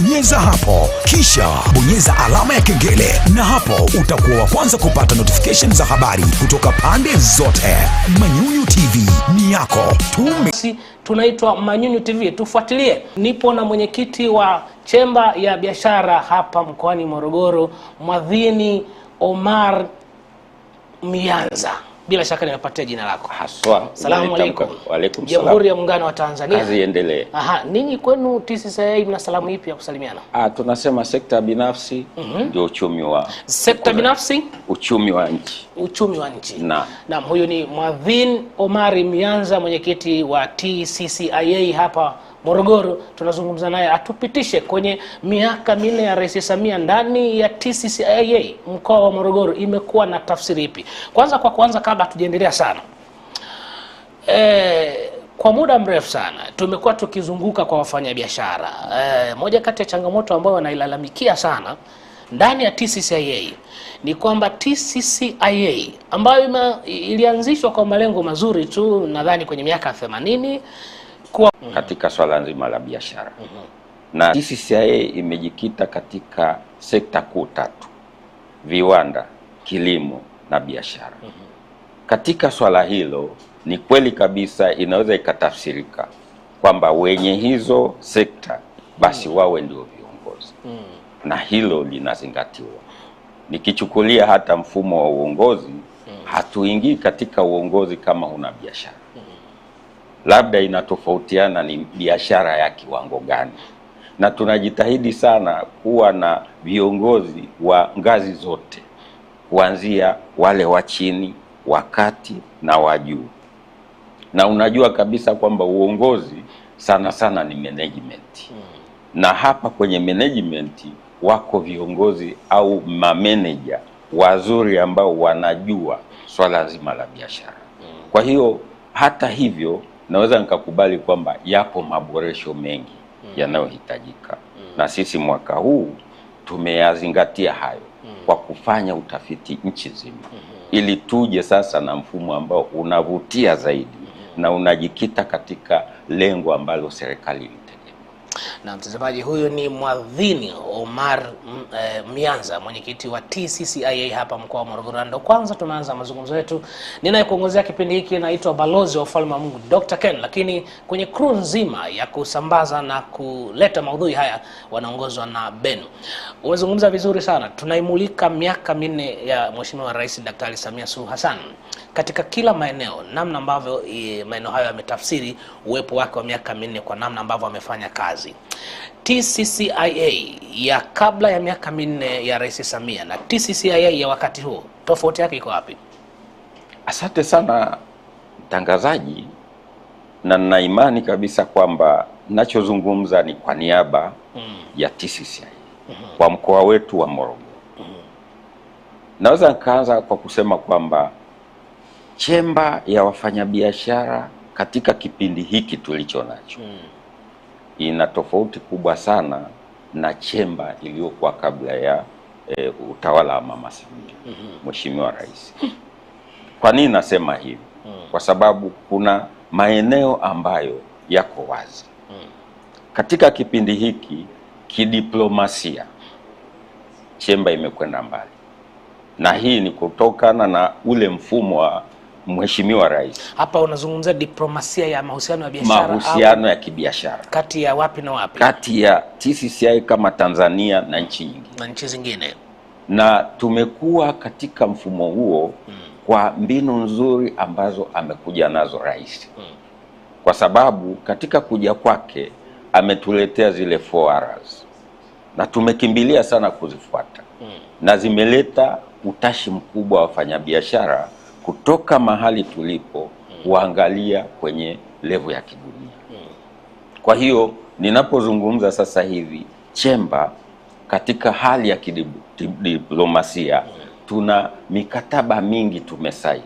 bonyeza hapo, kisha bonyeza alama ya kengele, na hapo utakuwa wa kwanza kupata notification za habari kutoka pande zote. Manyunyu TV ni yako, tume tunaitwa Manyunyu TV, tufuatilie. Nipo na mwenyekiti wa chemba ya biashara hapa mkoani Morogoro, Mwadhini Omar Mianza bila shaka ninapatia jina lako haswa. Salamu alaykum. Wa alaykum salam. Jamhuri ya Muungano wa Tanzania. Kazi iendelee. Aha, ninyi kwenu TCCIA mna salamu ipi ya kusalimiana? Ah, tunasema sekta binafsi mhm. ndio mm -hmm. uchumi wa sekta binafsi uchumi wa nchi. Uchumi wa nchi. Naam. Naam, huyu ni Mwadhin Omari Mianza mwenyekiti wa TCCIA hapa Morogoro, tunazungumza naye atupitishe kwenye miaka minne ya Rais Samia ndani ya TCCIA mkoa wa Morogoro imekuwa na tafsiri ipi? Kwanza kwa kwanza, kabla hatujaendelea sana e, kwa muda mrefu sana tumekuwa tukizunguka kwa wafanyabiashara e, moja kati ya changamoto ambayo wanailalamikia sana ndani ya TCCIA ni kwamba TCCIA ambayo ilianzishwa kwa malengo mazuri tu, nadhani kwenye miaka 80 kuwa mm-hmm. katika swala nzima la biashara mm -hmm. na TCCIA imejikita katika sekta kuu tatu: viwanda, kilimo na biashara mm -hmm. Katika swala hilo ni kweli kabisa, inaweza ikatafsirika kwamba wenye hizo sekta basi mm -hmm. wawe ndio viongozi mm -hmm. na hilo linazingatiwa. Nikichukulia hata mfumo wa uongozi mm -hmm. hatuingii katika uongozi kama huna biashara labda inatofautiana ni biashara ya kiwango gani, na tunajitahidi sana kuwa na viongozi wa ngazi zote, kuanzia wale wa chini, wa kati na wa juu. Na unajua kabisa kwamba uongozi sana sana ni management Na hapa kwenye management wako viongozi au mameneja wazuri ambao wanajua swala zima la biashara Kwa hiyo hata hivyo naweza nikakubali kwamba yapo maboresho mengi mm. yanayohitajika mm. na sisi mwaka huu tumeyazingatia hayo mm. kwa kufanya utafiti nchi zima mm -hmm. ili tuje sasa na mfumo ambao unavutia zaidi mm -hmm. na unajikita katika lengo ambalo serikali na mtazamaji, huyu ni mwadhini Omar Mianza, mm, eh, mwenyekiti wa TCCIA hapa mkoa wa Morogoro. Ndo kwanza tumeanza mazungumzo yetu. Ninayekuongozea kipindi hiki naitwa balozi wa ufalme wa Mungu Dr. Ken, lakini kwenye crew nzima ya kusambaza na kuleta maudhui haya wanaongozwa na Ben. Umezungumza vizuri sana, tunaimulika miaka minne ya Mheshimiwa Rais Daktari Samia Suluhu Hassan katika kila maeneo, namna ambavyo eh, maeneo hayo yametafsiri uwepo wake wa miaka minne kwa namna ambavyo amefanya kazi kazi. TCCIA ya kabla ya miaka minne ya Rais Samia na TCCIA ya wakati huo tofauti yake iko wapi? Asante sana mtangazaji, na nina imani kabisa kwamba ninachozungumza ni kwa niaba mm. ya TCCIA mm -hmm. kwa mkoa wetu wa Morogoro mm -hmm. naweza nikaanza kwa kusema kwamba chemba ya wafanyabiashara katika kipindi hiki tulicho nacho mm ina tofauti kubwa sana na chemba iliyokuwa kabla ya e, utawala wa Mama Samia mhm. Mheshimiwa mm -hmm. Rais. Kwa nini nasema hivi? mm -hmm. Kwa sababu kuna maeneo ambayo yako wazi mm -hmm. Katika kipindi hiki kidiplomasia, chemba imekwenda mbali, na hii ni kutokana na ule mfumo wa Mheshimiwa Rais. Hapa unazungumzia diplomasia ya mahusiano ya biashara, mahusiano ya kibiashara kati ya wapi na wapi? Kati ya TCCI kama Tanzania na nchi nyingine na nchi zingine, na tumekuwa katika mfumo huo hmm. kwa mbinu nzuri ambazo amekuja nazo rais hmm. kwa sababu katika kuja kwake ametuletea zile forums na tumekimbilia sana kuzifuata hmm. na zimeleta utashi mkubwa wa wafanyabiashara kutoka mahali tulipo kuangalia hmm. kwenye levo ya kidunia. Hmm. Kwa hiyo ninapozungumza sasa hivi chemba, katika hali ya kidiplomasia hmm. tuna mikataba mingi tumesaini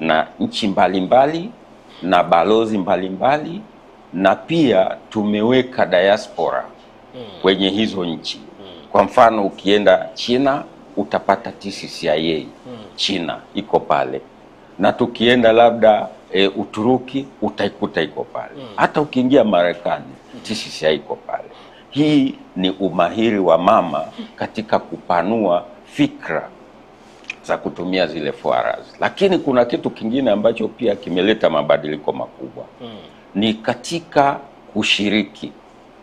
na nchi mbalimbali mbali, na balozi mbalimbali mbali, na pia tumeweka diaspora kwenye hizo nchi. Kwa mfano ukienda China utapata TCCIA China iko pale na tukienda labda e, Uturuki utaikuta iko pale mm. Hata ukiingia Marekani mm. iko pale. Hii ni umahiri wa mama katika kupanua fikra za kutumia zile forums. lakini kuna kitu kingine ambacho pia kimeleta mabadiliko makubwa mm. ni katika kushiriki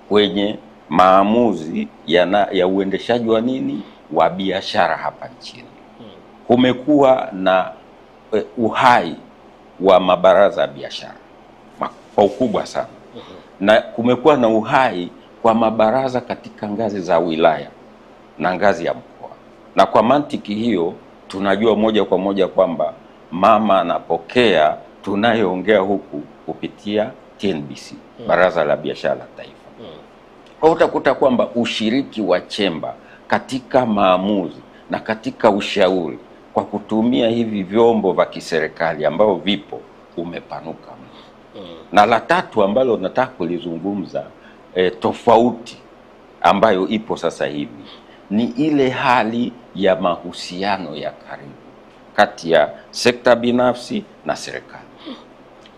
kwenye maamuzi ya, na, ya uendeshaji wa nini wa biashara hapa nchini kumekuwa na eh, uhai wa mabaraza ya biashara kwa ukubwa sana mm-hmm. na kumekuwa na uhai kwa mabaraza katika ngazi za wilaya na ngazi ya mkoa. Na kwa mantiki hiyo, tunajua moja kwa moja kwamba mama anapokea tunayoongea huku kupitia TNBC, mm. baraza la biashara la taifa. Mm. Kwa utakuta kwamba ushiriki wa chemba katika maamuzi na katika ushauri kwa kutumia hivi vyombo vya kiserikali ambao vipo umepanuka mm. Na la tatu ambalo nataka kulizungumza e, tofauti ambayo ipo sasa hivi ni ile hali ya mahusiano ya karibu kati ya sekta binafsi na serikali.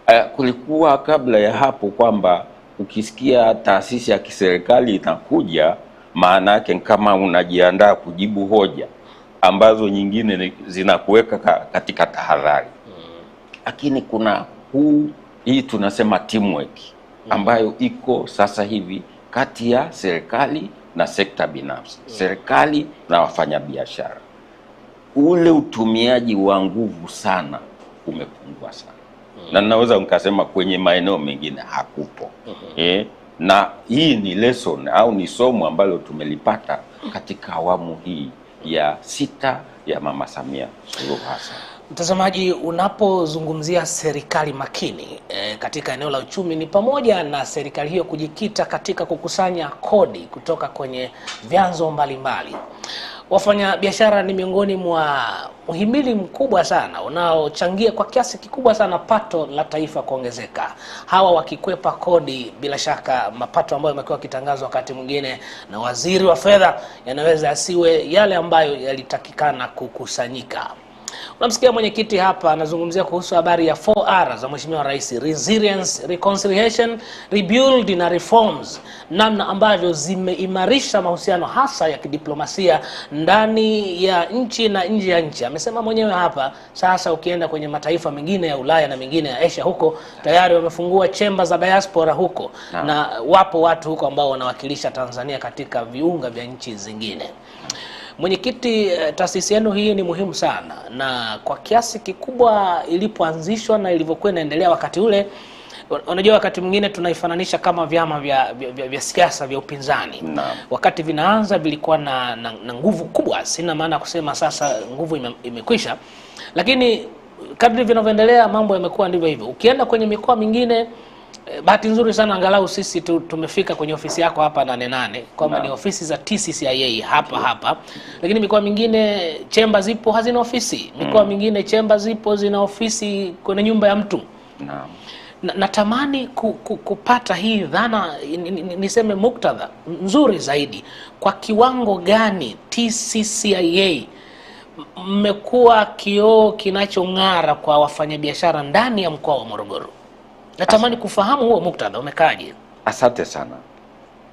E, kulikuwa kabla ya hapo kwamba ukisikia taasisi ya kiserikali inakuja maana yake kama unajiandaa kujibu hoja ambazo nyingine zinakuweka katika tahadhari, lakini kuna huu hii tunasema teamwork hmm. ambayo iko sasa hivi kati ya serikali na sekta binafsi, hmm. serikali na wafanyabiashara. Ule utumiaji wa nguvu sana umepungua sana mm. na naweza nikasema kwenye maeneo mengine hakupo mm -hmm. eh, na hii ni lesson au ni somo ambalo tumelipata katika awamu hii ya sita ya Mama Samia Suluhu Hassan. Mtazamaji, unapozungumzia serikali makini e, katika eneo la uchumi ni pamoja na serikali hiyo kujikita katika kukusanya kodi kutoka kwenye vyanzo mbalimbali mbali. Wafanyabiashara ni miongoni mwa uhimili mkubwa sana unaochangia kwa kiasi kikubwa sana pato la taifa kuongezeka. Hawa wakikwepa kodi, bila shaka mapato ambayo yamekuwa yakitangazwa wakati mwingine na waziri wa fedha yanaweza asiwe yale ambayo yalitakikana kukusanyika. Unamsikia mwenyekiti hapa anazungumzia kuhusu habari ya 4R za mheshimiwa rais: resilience, reconciliation, rebuild na reforms, namna ambavyo zimeimarisha mahusiano hasa ya kidiplomasia ndani ya nchi na nje ya nchi. Amesema mwenyewe hapa. Sasa ukienda kwenye mataifa mengine ya Ulaya na mengine ya Asia, huko tayari wamefungua chemba za diaspora huko na, na wapo watu huko ambao wanawakilisha Tanzania katika viunga vya nchi zingine. Mwenyekiti, eh, taasisi yenu hii ni muhimu sana, na kwa kiasi kikubwa ilipoanzishwa na ilivyokuwa inaendelea wakati ule, unajua wakati mwingine tunaifananisha kama vyama vya, vya, vya, vya siasa vya upinzani na. Wakati vinaanza vilikuwa na, na, na nguvu kubwa, sina maana kusema sasa nguvu ime, imekwisha, lakini kadri vinavyoendelea mambo yamekuwa ndivyo hivyo. Ukienda kwenye mikoa mingine Eh, bahati nzuri sana angalau sisi tu, tumefika kwenye ofisi yako hapa Nane Nane kwamba ni ofisi za TCCIA hapa hapa, lakini mikoa mingine chemba zipo hazina ofisi, mikoa mm. mingine chemba zipo zina ofisi kwenye nyumba ya mtu na, natamani ku, ku, kupata hii dhana niseme muktadha nzuri zaidi, kwa kiwango gani TCCIA mmekuwa kioo kinachong'ara kwa wafanyabiashara ndani ya mkoa wa Morogoro? Natamani kufahamu huo muktadha umekaaje. Asante sana.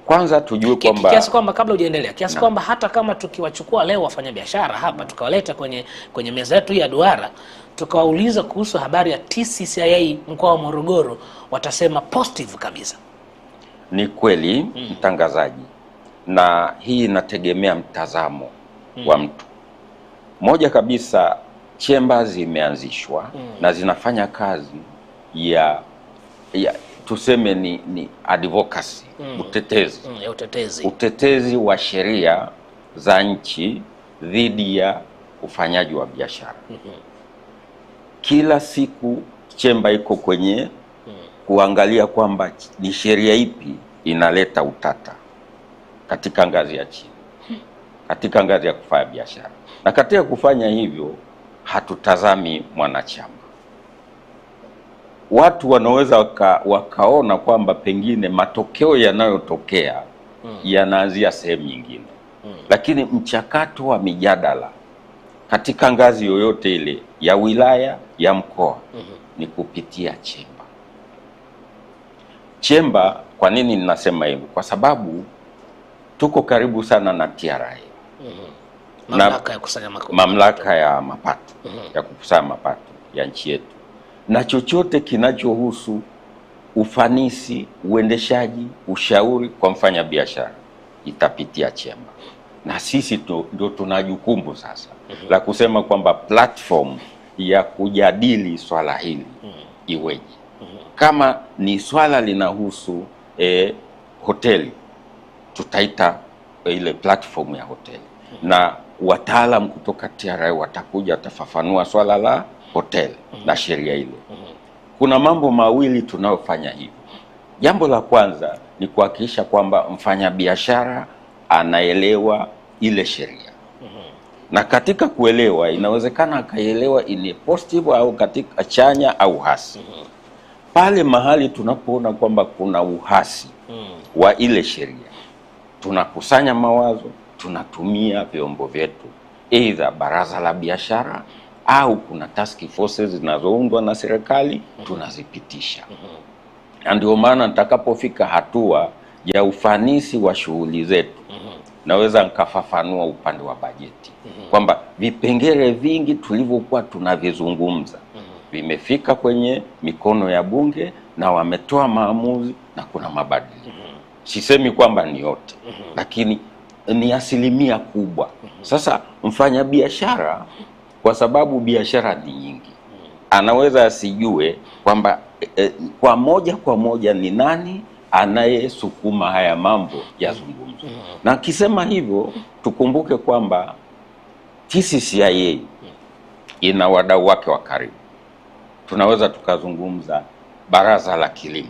Kwanza tujue kwamba kiasi kwamba kabla hujaendelea, kiasi kwamba hata kama tukiwachukua leo wafanyabiashara hapa tukawaleta kwenye kwenye meza yetu ya duara tukawauliza kuhusu habari ya TCCIA mkoa wa Morogoro, watasema positive kabisa. Ni kweli mm. Mtangazaji, na hii inategemea mtazamo mm. wa mtu moja kabisa. Chemba zimeanzishwa mm. na zinafanya kazi ya ya, tuseme ni, ni advocacy mm. utetezi mm, ya utetezi utetezi wa sheria za nchi dhidi ya ufanyaji wa biashara mm -hmm. Kila siku chemba iko kwenye mm. kuangalia kwamba ni sheria ipi inaleta utata katika ngazi ya chini katika ngazi ya kufanya biashara, na katika kufanya hivyo hatutazami mwanachama watu wanaweza waka, wakaona kwamba pengine matokeo yanayotokea mm. yanaanzia sehemu nyingine mm. lakini mchakato wa mijadala katika ngazi yoyote ile ya wilaya ya mkoa mm -hmm. ni kupitia chemba chemba. Kwa nini ninasema hivyo? Kwa sababu tuko karibu sana na TRA mm -hmm. mamlaka, na, ya, mamlaka ya mapato mm -hmm. ya kukusanya mapato ya nchi yetu na chochote kinachohusu ufanisi, uendeshaji, ushauri kwa mfanyabiashara itapitia chemba, na sisi ndio tuna jukumu sasa mm -hmm. la kusema kwamba platform ya kujadili swala hili mm -hmm. iweje mm -hmm. kama ni swala linahusu e, hoteli tutaita eh, ile platform ya hoteli mm -hmm. na wataalam kutoka TRA watakuja watafafanua swala la hotel mm -hmm. na sheria ile mm -hmm. Kuna mambo mawili tunayofanya hivyo. Jambo la kwanza ni kuhakikisha kwamba mfanyabiashara anaelewa ile sheria mm -hmm. na katika kuelewa, inawezekana akaelewa ile positive au katika chanya au hasi mm -hmm. Pale mahali tunapoona kwamba kuna uhasi mm -hmm. wa ile sheria, tunakusanya mawazo, tunatumia vyombo vyetu, aidha baraza la biashara au kuna task forces zinazoundwa na serikali tunazipitisha. Na ndio maana nitakapofika hatua ya ufanisi wa shughuli zetu naweza nikafafanua upande wa bajeti kwamba vipengele vingi tulivyokuwa tunavizungumza vimefika kwenye mikono ya Bunge na wametoa maamuzi na kuna mabadiliko. Sisemi kwamba ni yote, lakini ni asilimia kubwa. Sasa mfanyabiashara kwa sababu biashara ni nyingi, anaweza asijue kwamba eh, kwa moja kwa moja ni nani anayesukuma haya mambo yazungumzwe. Na kisema hivyo, tukumbuke kwamba TCCIA ina wadau wake wa karibu. Tunaweza tukazungumza baraza la kilimo,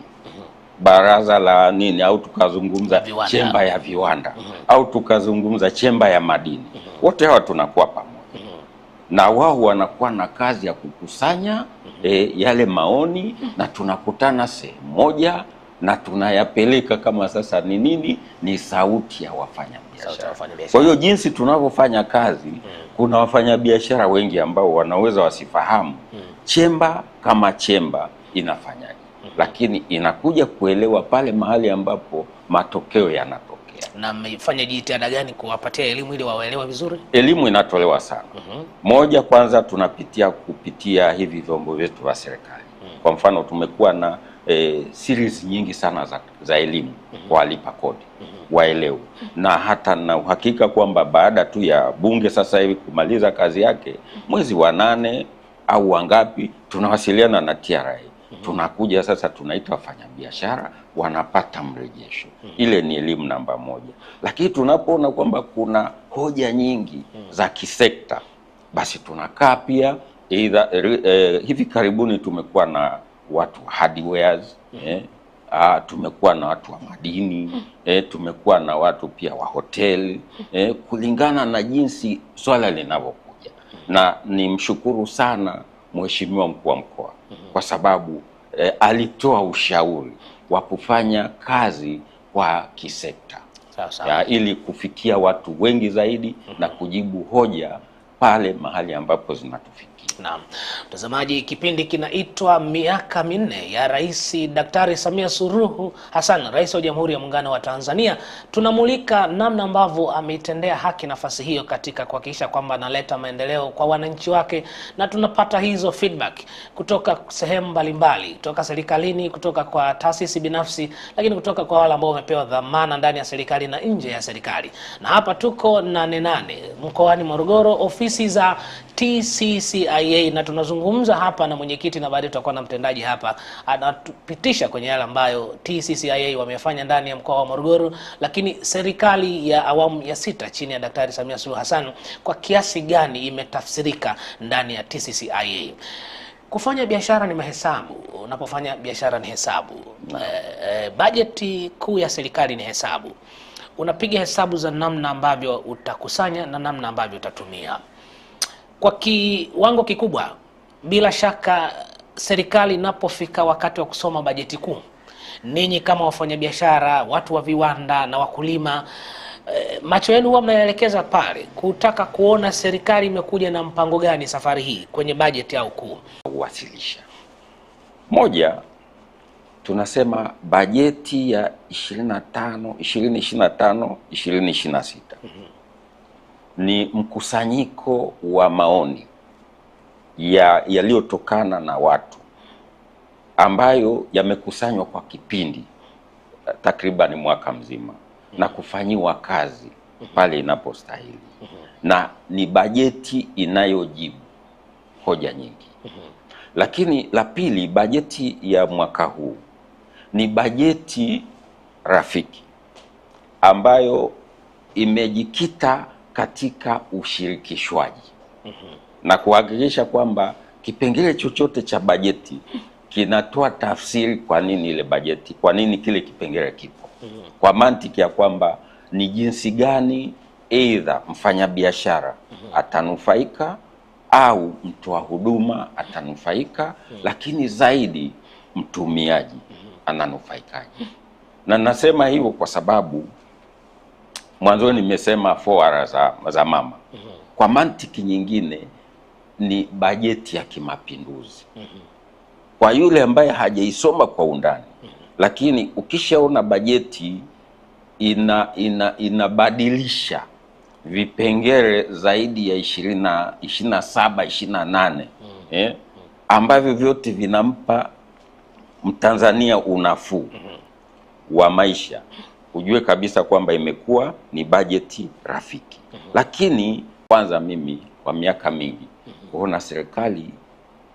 baraza la nini, au tukazungumza viwanda, chemba ya viwanda, mhm. au tukazungumza chemba ya madini. Mhm. Wote hawa tunakuwa pamoja na wao wanakuwa na kazi ya kukusanya mm -hmm. e, yale maoni mm -hmm. na tunakutana sehemu moja na tunayapeleka kama sasa ni nini, ni sauti ya wafanyabiashara. Kwa hiyo jinsi tunavyofanya kazi mm -hmm. kuna wafanyabiashara wengi ambao wanaweza wasifahamu mm -hmm. chemba kama chemba inafanyaje, mm -hmm. lakini inakuja kuelewa pale mahali ambapo matokeo yanatoka na mmefanya jitihada gani kuwapatia elimu ili waelewe vizuri? Elimu inatolewa sana. mm -hmm. Moja, kwanza tunapitia kupitia hivi vyombo vyetu vya serikali. mm -hmm. Kwa mfano tumekuwa na e, series nyingi sana za, za elimu mm -hmm. kwa walipa kodi mm -hmm. waelewe mm -hmm. na hata na uhakika kwamba baada tu ya bunge sasa hivi kumaliza kazi yake mwezi wa nane au wangapi tunawasiliana na TRA. mm -hmm. Tunakuja sasa, tunaita wafanyabiashara wanapata mrejesho. Ile ni elimu namba moja, lakini tunapoona kwamba kuna hoja nyingi za kisekta, basi tunakaa pia eh, eh, hivi karibuni tumekuwa na watu wa hardwares eh, ah, tumekuwa na watu wa madini eh, tumekuwa na watu pia wa hoteli eh, kulingana na jinsi swala linavyokuja, na nimshukuru sana mheshimiwa mkuu wa mkoa kwa sababu eh, alitoa ushauri wa kufanya kazi kwa kisekta ya, ili kufikia watu wengi zaidi mm -hmm. na mhm. kujibu hoja pale mahali ambapo zinatufikia. Naam, mtazamaji, kipindi kinaitwa miaka minne ya Rais Daktari Samia Suluhu Hassan, Rais wa Jamhuri ya Muungano wa Tanzania. Tunamulika namna ambavyo ameitendea haki nafasi hiyo katika kuhakikisha kwamba analeta maendeleo kwa wananchi wake, na tunapata hizo feedback kutoka sehemu mbalimbali, kutoka serikalini, kutoka kwa taasisi binafsi, lakini kutoka kwa wale ambao wamepewa dhamana ndani ya serikali na nje ya serikali. Na hapa tuko Nane Nane mkoani Morogoro, ofisi za TCCIA na tunazungumza hapa na mwenyekiti na baadaye tutakuwa na mtendaji hapa, anatupitisha kwenye yale ambayo TCCIA wamefanya ndani ya mkoa wa Morogoro, lakini serikali ya awamu ya sita chini ya Daktari Samia Suluhu Hassan kwa kiasi gani imetafsirika ndani ya TCCIA. Kufanya biashara ni mahesabu, unapofanya biashara ni hesabu. eh, bajeti kuu ya serikali ni hesabu, unapiga hesabu za namna ambavyo utakusanya na namna ambavyo utatumia kwa kiwango kikubwa. Bila shaka serikali inapofika wakati wa kusoma bajeti kuu, ninyi kama wafanyabiashara, watu wa viwanda na wakulima e, macho yenu huwa mnaelekeza pale kutaka kuona serikali imekuja na mpango gani safari hii kwenye bajeti au kuu kuwasilisha. Moja, tunasema bajeti ya 25 2025 2026 mm -hmm ni mkusanyiko wa maoni yaliyotokana na watu ambayo yamekusanywa kwa kipindi eh, takriban mwaka mzima na kufanyiwa kazi pale inapostahili na ni bajeti inayojibu hoja nyingi. Lakini la pili, bajeti ya mwaka huu ni bajeti rafiki ambayo imejikita katika ushirikishwaji mm -hmm. na kuhakikisha kwamba kipengele chochote cha bajeti kinatoa tafsiri kwa nini ile bajeti, kwa nini kile kipengele kipo mm -hmm. kwa mantiki ya kwamba ni jinsi gani aidha mfanyabiashara mm -hmm. atanufaika au mtoa huduma atanufaika mm -hmm. lakini zaidi mtumiaji mm -hmm. ananufaikaje? Na nasema hivyo kwa sababu mwanzoni nimesema foara za, za mama mm -hmm. Kwa mantiki nyingine ni bajeti ya kimapinduzi mm -hmm. Kwa yule ambaye hajaisoma kwa undani mm -hmm. Lakini ukishaona bajeti ina inabadilisha vipengele zaidi ya ishirini na saba ishirini na nane mm -hmm. eh, ambavyo vyote vinampa Mtanzania unafuu mm -hmm. wa maisha ujue kabisa kwamba imekuwa ni bajeti rafiki. mm -hmm. Lakini kwanza mimi kwa miaka mingi mm -hmm. kuona serikali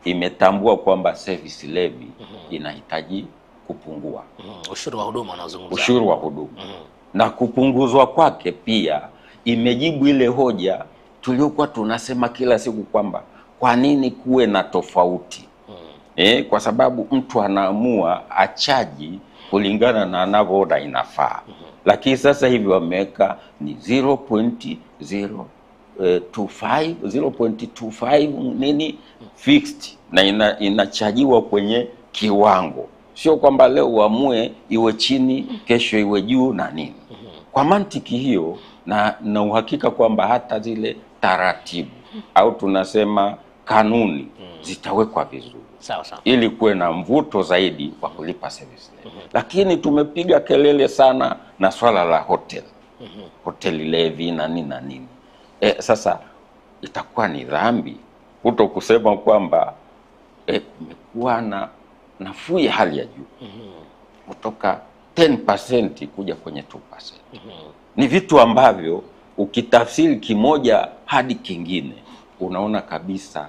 imetambua kwamba service levy mm -hmm. inahitaji kupungua. mm -hmm. Ushuru wa huduma unazungumza, ushuru wa huduma mm -hmm. na kupunguzwa kwake pia imejibu ile hoja tuliokuwa tunasema kila siku kwamba kwa nini kuwe na tofauti? mm -hmm. Eh, kwa sababu mtu anaamua achaji kulingana na anavyoona inafaa. Mhm. Lakini sasa hivi wameweka ni 0.025 0.25 eh, nini mhm. fixed na ina, inachajiwa kwenye kiwango, sio kwamba leo uamue iwe chini kesho iwe juu na nini. Mhm. Kwa mantiki hiyo na, na uhakika kwamba hata zile taratibu au tunasema kanuni zitawekwa vizuri sawa sawa, ili kuwe na mvuto zaidi wa kulipa service levy. mm -hmm. Lakini tumepiga kelele sana na swala la hotel mm -hmm. hoteli levi na nini na nini e, sasa itakuwa ni dhambi kuto kusema kwamba eh, kumekuwa e, na nafuu ya hali ya juu mm -hmm. kutoka 10% kuja kwenye 2%. mm -hmm. Ni vitu ambavyo ukitafsiri kimoja hadi kingine unaona kabisa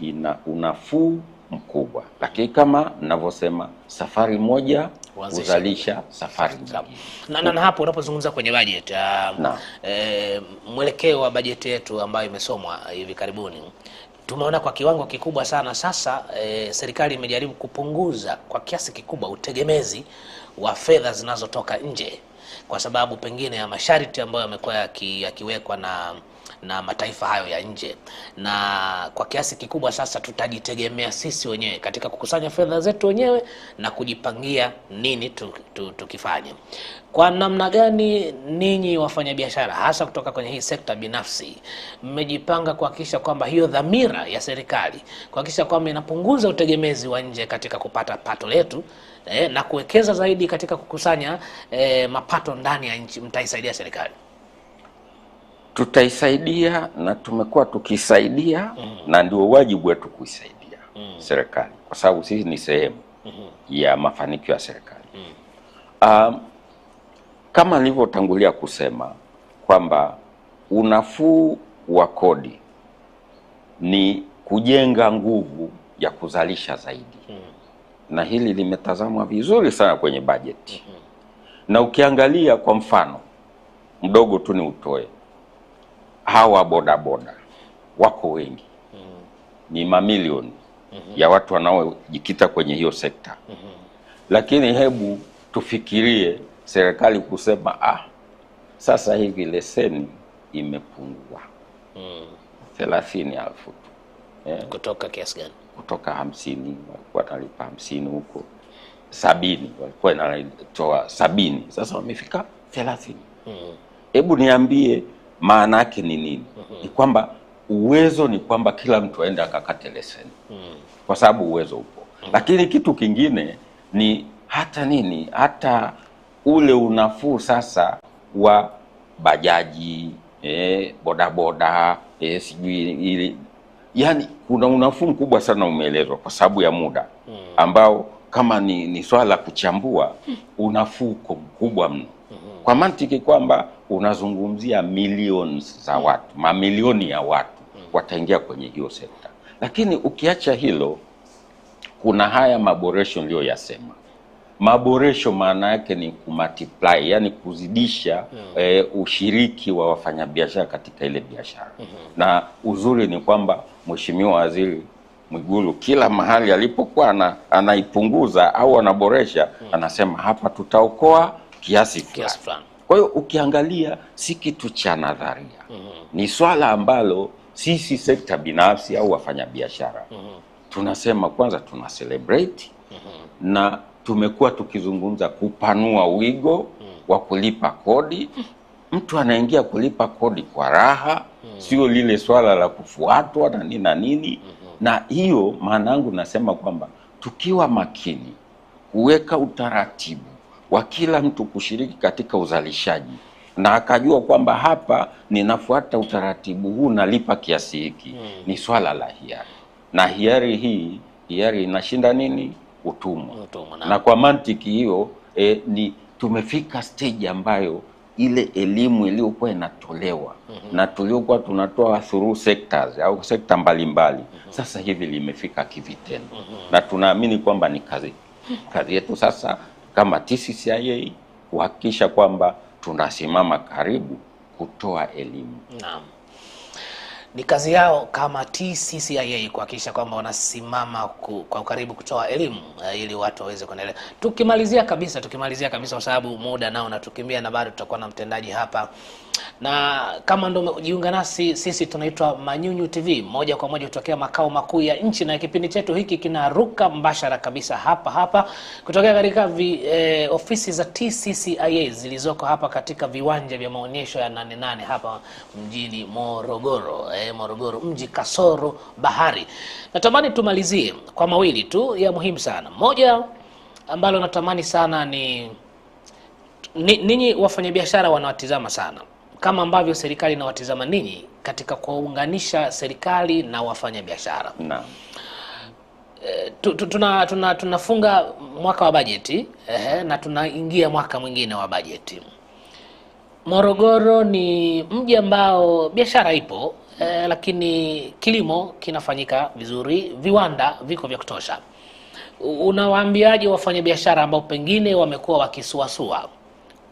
ina unafuu mkubwa, lakini kama ninavyosema, safari moja huzalisha safari nyingi. Na, na, na hapo unapozungumza kwenye bajeti uh, e, mwelekeo wa bajeti yetu ambayo imesomwa hivi karibuni tumeona kwa kiwango kikubwa sana sasa e, serikali imejaribu kupunguza kwa kiasi kikubwa utegemezi wa fedha zinazotoka nje kwa sababu pengine ya masharti ambayo yamekuwa yakiwekwa na na mataifa hayo ya nje, na kwa kiasi kikubwa sasa tutajitegemea sisi wenyewe katika kukusanya fedha zetu wenyewe na kujipangia nini tukifanye. Kwa namna gani ninyi wafanyabiashara hasa kutoka kwenye hii sekta binafsi mmejipanga kuhakikisha kwamba hiyo dhamira ya serikali kuhakikisha kwamba inapunguza utegemezi wa nje katika kupata pato letu eh, na kuwekeza zaidi katika kukusanya eh, mapato ndani ya nchi, mtaisaidia serikali? tutaisaidia na tumekuwa tukisaidia mm -hmm. na ndio wajibu wetu kuisaidia mm -hmm. serikali kwa sababu sisi ni sehemu mm -hmm. ya mafanikio ya serikali mm -hmm. um, kama nilivyotangulia kusema kwamba unafuu wa kodi ni kujenga nguvu ya kuzalisha zaidi mm -hmm. na hili limetazamwa vizuri sana kwenye bajeti mm -hmm. na ukiangalia kwa mfano mdogo tu ni utoe hawa bodaboda wako wengi mm -hmm. ni mamilioni mm -hmm. ya watu wanaojikita kwenye hiyo sekta mm -hmm. Lakini hebu tufikirie serikali kusema ah, sasa hivi leseni imepungua mm. thelathini elfu tu yeah. kutoka kiasi gani? Kutoka hamsini walikuwa wanalipa hamsini huko sabini walikuwa inatoa sabini sasa wamefika thelathini. Mm. Hebu niambie maana yake ni nini? Ni kwamba uwezo ni kwamba kila mtu aende akakate leseni mm. kwa sababu uwezo upo, mm. lakini kitu kingine ni hata nini, hata ule unafuu sasa wa bajaji eh, bodaboda eh, sijui ili yani, kuna unafuu mkubwa sana umeelezwa kwa sababu ya muda mm. ambao kama ni, ni swala la kuchambua, hmm. unafuu uko mkubwa mno, kwa mantiki kwamba unazungumzia millions za mm. watu, mamilioni ya watu mm. wataingia kwenye hiyo sekta. Lakini ukiacha hilo, kuna haya maboresho niliyoyasema. Maboresho maana yake ni kumultiply, yani kuzidisha yeah. Mm. E, ushiriki wa wafanyabiashara katika ile biashara mm -hmm. na uzuri ni kwamba Mheshimiwa Waziri Mwigulu kila mahali alipokuwa ana, anaipunguza au anaboresha mm -hmm. anasema hapa tutaokoa kiasi fulani. Kwa hiyo ukiangalia, si kitu cha nadharia mm -hmm. ni swala ambalo sisi sekta binafsi au wafanyabiashara mm -hmm. tunasema kwanza, tuna celebrate mm -hmm. na tumekuwa tukizungumza kupanua wigo mm -hmm. wa kulipa kodi mtu anaingia kulipa kodi kwa raha mm -hmm. sio lile swala la kufuatwa na nini na nini mm -hmm. na hiyo maana yangu nasema kwamba tukiwa makini kuweka utaratibu wa kila mtu kushiriki katika uzalishaji na akajua kwamba hapa ninafuata utaratibu huu, nalipa kiasi hiki hmm. Ni swala la hiari, na hiari hii hiari inashinda nini? Utumwa, utumwa na. Na kwa mantiki hiyo e, ni tumefika stage ambayo ile elimu iliyokuwa inatolewa mm -hmm. na tuliokuwa tunatoa through sectors au sekta mbalimbali mm -hmm. sasa hivi limefika kivitendo mm -hmm. na tunaamini kwamba ni kazi kazi yetu sasa kama TCCIA kuhakikisha kwamba tunasimama karibu kutoa elimu. Naam. Ni kazi yao kama TCCIA kuhakikisha kwamba wanasimama ku, kwa ukaribu kutoa elimu uh, ili watu waweze kuendelea. Tukimalizia kabisa, tukimalizia kabisa kwa sababu muda nao natukimbia na bado tutakuwa na mtendaji hapa na kama ndo umejiunga nasi, sisi tunaitwa Manyunyu TV moja kwa moja kutokea makao makuu ya nchi, na kipindi chetu hiki kinaruka mbashara kabisa hapa hapa kutokea katika eh, ofisi za TCCIA zilizoko hapa katika viwanja vya maonyesho ya Nane Nane hapa mjini Morogoro, eh, Morogoro mji kasoro bahari. Natamani tumalizie kwa mawili tu ya muhimu sana. Moja ambalo natamani sana ni ninyi wafanyabiashara wanawatizama sana kama ambavyo serikali inawatizama ninyi katika kuwaunganisha serikali na wafanyabiashara. Naam. E, eh, tunafunga tuna, tuna mwaka wa bajeti ehe, na tunaingia mwaka mwingine wa bajeti. Morogoro ni mji ambao biashara ipo eh, lakini kilimo kinafanyika vizuri, viwanda viko vya kutosha. Unawaambiaje wafanyabiashara ambao pengine wamekuwa wakisuasua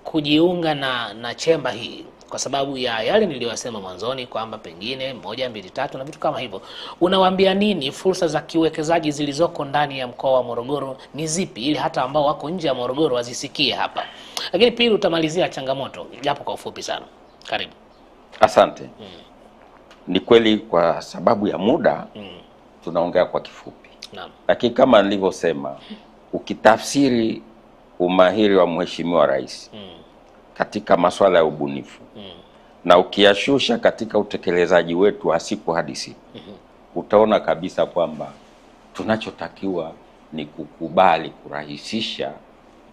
kujiunga na, na chemba hii kwa sababu ya yale niliyosema mwanzoni kwamba pengine moja mbili tatu na vitu kama hivyo. Unawaambia nini fursa za kiuwekezaji zilizoko ndani ya mkoa wa Morogoro ni zipi, ili hata ambao wako nje ya Morogoro wazisikie hapa. Lakini pili, utamalizia changamoto japo kwa ufupi sana. Karibu. Asante. Hmm. Ni kweli kwa sababu ya muda hmm, tunaongea kwa kifupi, lakini kama nilivyosema, ukitafsiri umahiri wa mheshimiwa rais hmm katika masuala ya ubunifu mm. na ukiyashusha katika utekelezaji wetu wa siku hadi siku mm -hmm. utaona kabisa kwamba tunachotakiwa ni kukubali kurahisisha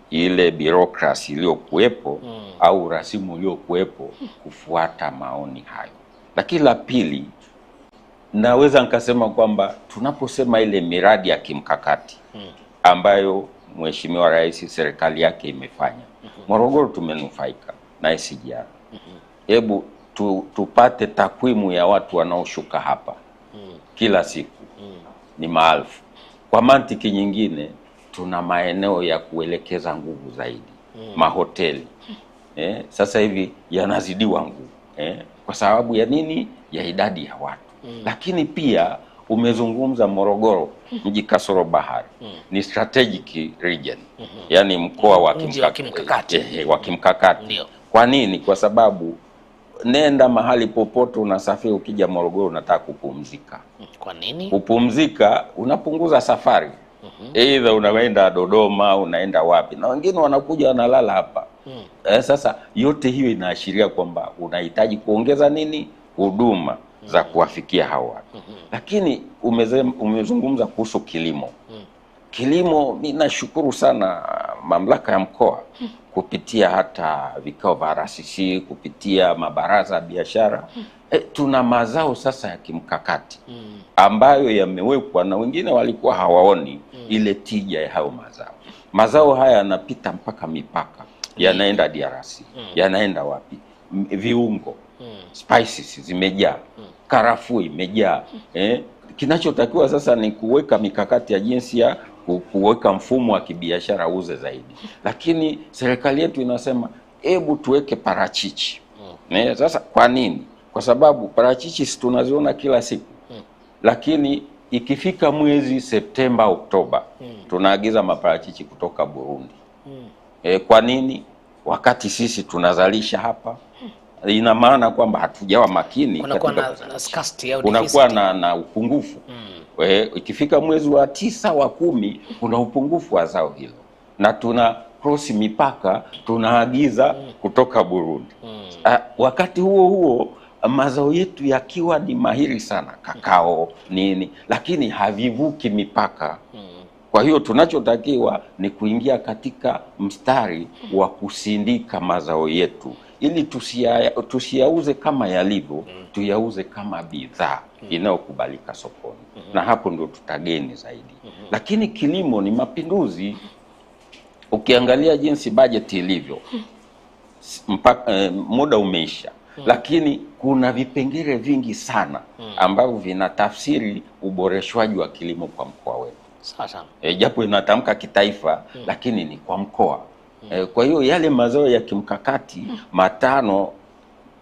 ile birokrasi iliyokuwepo mm. au urasimu uliokuwepo kufuata maoni hayo. Lakini la pili, naweza nikasema kwamba tunaposema ile miradi ya kimkakati mm. ambayo Mheshimiwa Rais serikali yake imefanya Morogoro tumenufaika na SGR. Hebu tu, tupate takwimu ya watu wanaoshuka hapa kila siku ni maelfu. Kwa mantiki nyingine, tuna maeneo ya kuelekeza nguvu zaidi mahoteli eh, sasa hivi yanazidiwa nguvu eh, kwa sababu ya nini? Ya idadi ya watu, mm. lakini pia umezungumza Morogoro hmm. mji kasoro bahari mm. ni strategic region mm -hmm. yani mkoa wa kimkakati wa kimkakati. Kwa nini? Kwa sababu nenda mahali popote unasafiri, ukija Morogoro unataka kupumzika. Hmm. Kwa nini? Kupumzika unapunguza safari mm -hmm. Either unaenda Dodoma, unaenda wapi, na wengine wanakuja wanalala hapa mm. Eh, sasa yote hiyo inaashiria kwamba unahitaji kuongeza nini huduma za kuwafikia hao watu. Mm-hmm. Lakini umezungumza kuhusu kilimo. Mm-hmm. Kilimo, mi nashukuru sana mamlaka ya mkoa mm-hmm. kupitia hata vikao vya RCC, kupitia mabaraza ya biashara e, tuna mazao sasa ya kimkakati ambayo yamewekwa na wengine walikuwa hawaoni ile tija ya hayo mazao. Mazao haya yanapita mpaka mipaka, yanaenda DRC, yanaenda wapi? Viungo, spices zimejaa karafuu imejaa eh. Kinachotakiwa sasa ni kuweka mikakati ya jinsi ya kuweka mfumo wa kibiashara uze zaidi, lakini serikali yetu inasema hebu tuweke parachichi hmm. eh, sasa kwa nini? Kwa sababu parachichi si tunaziona kila siku hmm. lakini ikifika mwezi Septemba Oktoba hmm. tunaagiza maparachichi kutoka Burundi hmm. eh, kwa nini? Wakati sisi tunazalisha hapa ina maana kwamba hatujawa makini, unakuwa na, na, upungufu mm. Eh, ikifika mwezi wa tisa wa kumi kuna upungufu wa zao hilo na tuna cross mipaka tunaagiza mm. kutoka Burundi mm. A, ah, wakati huo huo mazao yetu yakiwa ni mahiri sana kakao nini, lakini havivuki mipaka mm. Kwa hiyo tunachotakiwa ni kuingia katika mstari wa kusindika mazao yetu ili tusia, tusiauze kama yalivyo mm. tuyauze kama bidhaa mm. inayokubalika sokoni mm -hmm. na hapo ndio tutageni zaidi mm -hmm. Lakini kilimo ni mapinduzi. Ukiangalia jinsi bajeti ilivyo mpaka, eh, muda umeisha mm. Lakini kuna vipengele vingi sana mm. ambavyo vinatafsiri uboreshwaji wa kilimo kwa mkoa wetu. Sasa e, eh, japo inatamka kitaifa mm. lakini ni kwa mkoa E, kwa hiyo yale mazao ya kimkakati hmm. matano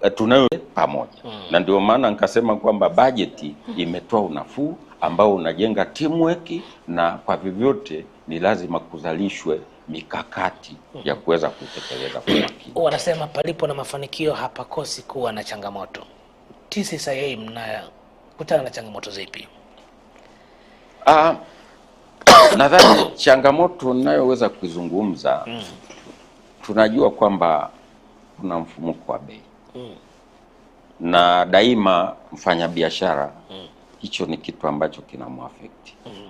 eh, tunayo pamoja mm. na ndio maana nikasema kwamba bajeti hmm. imetoa unafuu ambao unajenga teamwork na kwa vyovyote ni lazima kuzalishwe mikakati mm. ya kuweza kutekeleza kwa makini. Wanasema palipo na mafanikio hapakosi kuwa na changamoto. TCCIA mnakutana na changamoto zipi? Uh, nadhani changamoto ninayoweza kuizungumza mm tunajua kwamba kuna mfumuko wa bei mm. na daima mfanyabiashara mm. hicho ni kitu ambacho kinamwafekti mm.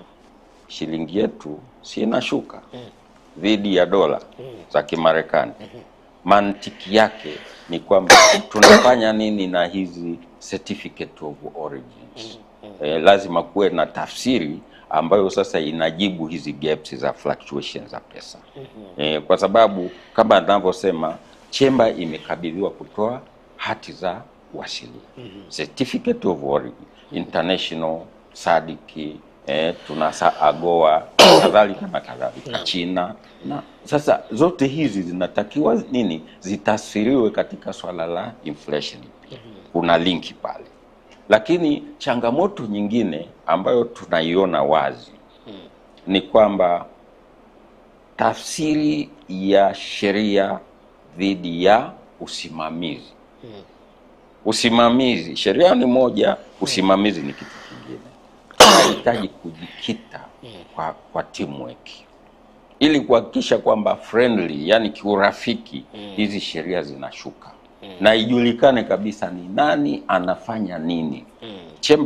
shilingi yetu si inashuka mm. dhidi ya dola mm. za Kimarekani mm -hmm. mantiki yake ni kwamba tunafanya nini na hizi certificate of origins mm. hmm Eh, lazima kuwe na tafsiri ambayo sasa inajibu hizi gaps za fluctuation za pesa mm -hmm. E, kwa sababu kama anavyosema chemba imekabidhiwa kutoa hati za uasili mm -hmm. certificate of origin international sadiki e, eh, tunasa AGOA kadhalika na kadhalika China na sasa zote hizi zinatakiwa nini, zitafsiriwe katika swala la inflation. Mhm. Kuna linki pale lakini changamoto nyingine ambayo tunaiona wazi hmm, ni kwamba tafsiri ya sheria dhidi ya usimamizi hmm. Usimamizi, sheria ni moja, hmm. usimamizi ni kitu kingine. Tunahitaji kujikita hmm. kwa, kwa teamwork ili kuhakikisha kwamba friendly, yani kiurafiki, hmm, hizi sheria zinashuka na ijulikane kabisa ni nani anafanya nini mm.